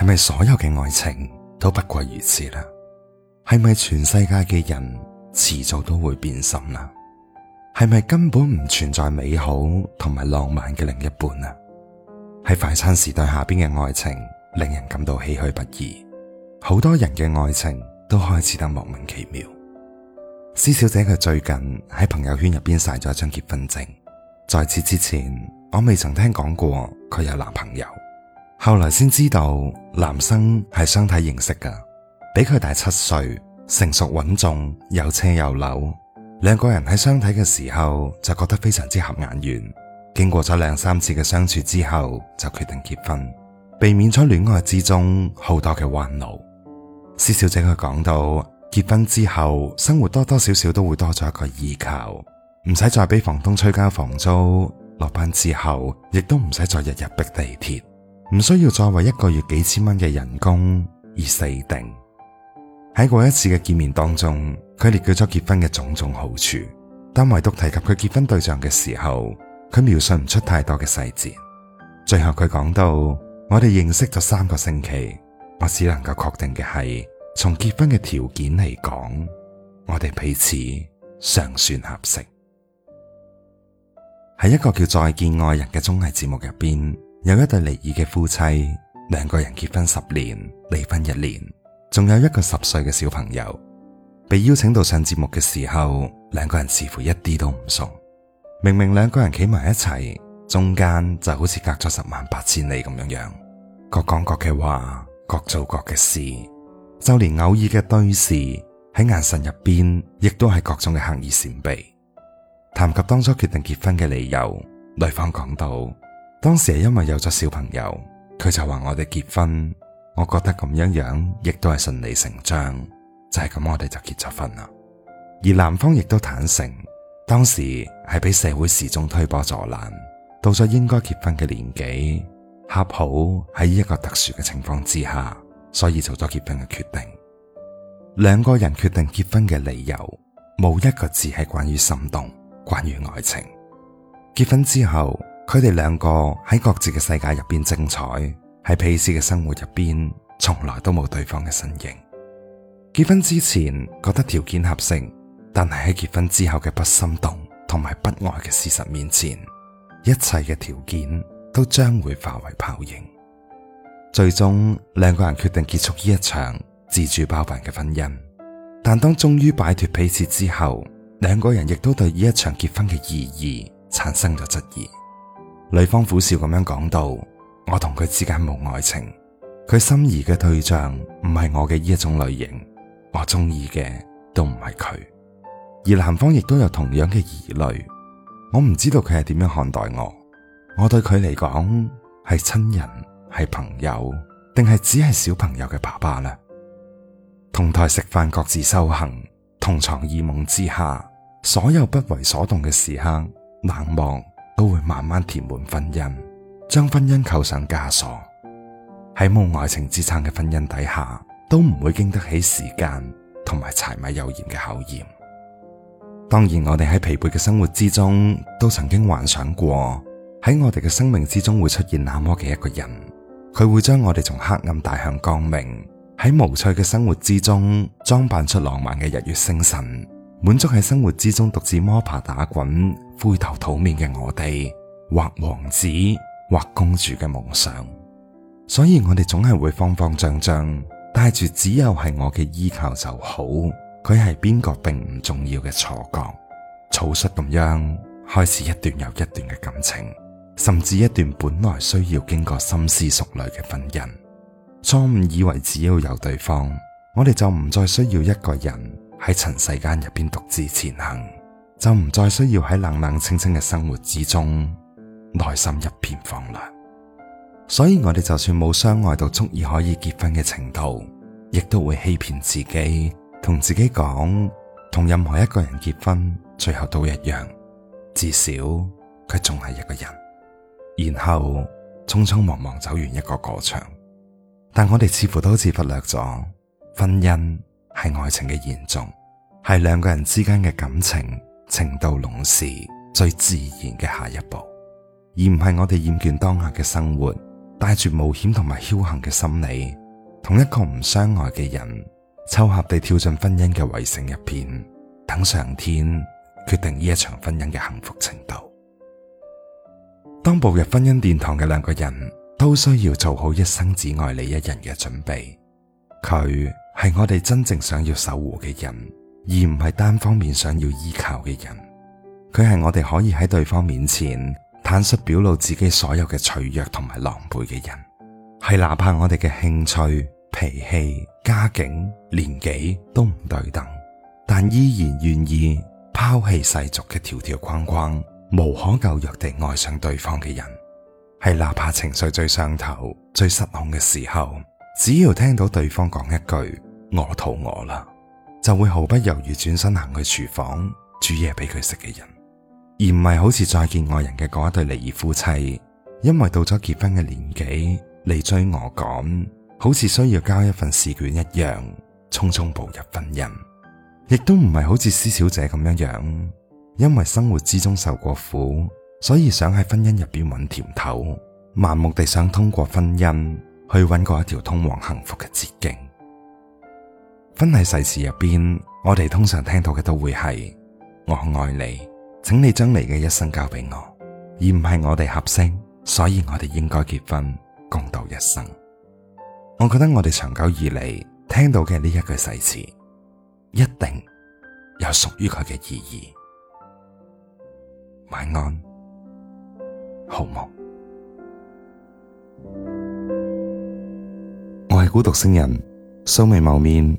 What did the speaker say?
係咪所有嘅愛情都不過如此啦？係咪全世界嘅人遲早都會變心啦？係咪根本唔存在美好同埋浪漫嘅另一半啊？喺快餐時代下邊嘅愛情令人感到唏噓不已，好多人嘅愛情都開始得莫名其妙。施小姐佢最近喺朋友圈入邊晒咗一張結婚證，在此之前我未曾聽講過佢有男朋友。後來先知道男生係相睇認識㗎，比佢大七歲，成熟穩重，有車有樓。兩個人喺相睇嘅時候就覺得非常之合眼緣。經過咗兩三次嘅相處之後，就決定結婚，避免咗戀愛之中好多嘅彎路。施小姐佢講到，結婚之後生活多多少少都會多咗一個依靠，唔使再俾房東催交房租，落班之後亦都唔使再日日逼地鐵。唔需要再為一個月幾千蚊嘅人工而死定。喺過一次嘅見面當中，佢列舉咗結婚嘅種種好處，但唯獨提及佢結婚對象嘅時候，佢描述唔出太多嘅細節。最後佢講到：我哋認識咗三個星期，我只能夠確定嘅係，從結婚嘅條件嚟講，我哋彼此尚算合適。喺一個叫《再見愛人》嘅綜藝節目入邊。有一對離異嘅夫妻，兩個人結婚十年，離婚一年，仲有一個十歲嘅小朋友，被邀請到上節目嘅時候，兩個人似乎一啲都唔熟。明明兩個人企埋一齊，中間就好似隔咗十萬八千里咁樣樣，各講各嘅話，各做各嘅事，就連偶爾嘅對視喺眼神入邊，亦都係各種嘅刻意閃避。談及當初決定結婚嘅理由，女方講到，當時因為有咗小朋友，佢就話我哋結婚，我覺得咁樣樣亦都係順理成章，就係咁我哋就結咗婚啦。而男方亦都坦承，當時係俾社會時鐘推波助瀾，到咗應該結婚嘅年紀，恰好喺一個特殊嘅情況之下，所以做咗結婚嘅決定。兩個人決定結婚嘅理由，冇一個字係關於心動，關於愛情。結婚之後。佢哋兩個喺各自嘅世界入邊精彩，喺彼此嘅生活入邊從來都冇對方嘅身影。結婚之前覺得條件合適，但係喺結婚之後嘅不心動同埋不愛嘅事實面前，一切嘅條件都將會化為泡影。最終兩個人決定結束呢一場自主包辦嘅婚姻。但當終於擺脫彼此之後，兩個人亦都對呢一場結婚嘅意義產生咗質疑。女方苦笑咁樣講到：「我同佢之間冇愛情，佢心儀嘅對象唔係我嘅呢一種類型，我中意嘅都唔係佢。而男方亦都有同樣嘅疑慮，我唔知道佢係點樣看待我。我對佢嚟講係親人，係朋友，定係只係小朋友嘅爸爸呢？同台食飯各自修行，同床異夢之下，所有不為所動嘅時刻，難忘。都會慢慢填滿婚姻，將婚姻扣上枷鎖。喺冇愛情支撐嘅婚姻底下，都唔會經得起時間同埋柴米油鹽嘅考驗。當然，我哋喺疲憊嘅生活之中，都曾經幻想過喺我哋嘅生命之中會出現那麼嘅一個人，佢會將我哋從黑暗帶向光明。喺無趣嘅生活之中，裝扮出浪漫嘅日月星辰。滿足喺生活之中獨自摸爬打滾、灰頭土面嘅我哋，或王子、或公主嘅夢想，所以我哋總係會慌慌張張，帶住只有係我嘅依靠就好，佢係邊個並唔重要嘅錯覺，草率咁樣開始一段又一段嘅感情，甚至一段本來需要經過深思熟慮嘅婚姻，錯誤以為只要有對方，我哋就唔再需要一個人。喺塵世間入面獨自前行，就唔再需要喺冷冷清清嘅生活之中，內心一片荒涼。所以我哋就算冇相愛到足以可以結婚嘅程度，亦都會欺騙自己，同自己講，同任何一個人結婚，最後都一樣。至少佢仲係一個人，然後匆匆忙忙走完一個過場。但我哋似乎都好似忽略咗婚姻。係愛情嘅嚴重，係兩個人之間嘅感情程度濃時最自然嘅下一步，而唔係我哋厭倦當下嘅生活，帶住冒險同埋僥倖嘅心理，同一個唔相愛嘅人，湊合地跳進婚姻嘅圍城入邊，等上天決定呢一場婚姻嘅幸福程度。當步入婚姻殿堂嘅兩個人，都需要做好一生只愛你一人嘅準備。佢。係我哋真正想要守護嘅人，而唔係單方面想要依靠嘅人。佢係我哋可以喺對方面前坦率表露自己所有嘅脆弱同埋狼狽嘅人。係哪怕我哋嘅興趣、脾氣、家境、年紀都唔對等，但依然願意拋棄世俗嘅條條框框，無可救藥地愛上對方嘅人。係哪怕情緒最上頭、最失控嘅時候，只要聽到對方講一句。我肚餓啦，就會毫不猶豫轉身行去廚房煮嘢俾佢食嘅人，而唔係好似再見愛人嘅嗰一對離異夫妻，因為到咗結婚嘅年紀，你追我趕，好似需要交一份試卷一樣，匆匆步入婚姻，亦都唔係好似施小姐咁樣樣，因為生活之中受過苦，所以想喺婚姻入邊揾甜頭，盲目地想通過婚姻去揾過一條通往幸福嘅捷徑。婚禮誓詞入邊，我哋通常聽到嘅都會係：我愛你，請你將你嘅一生交俾我，而唔係我哋合聲，所以我哋應該結婚共度一生。我覺得我哋長久以嚟聽到嘅呢一句誓詞，一定有屬於佢嘅意義。晚安，好夢。我係孤獨星人，素未謀面。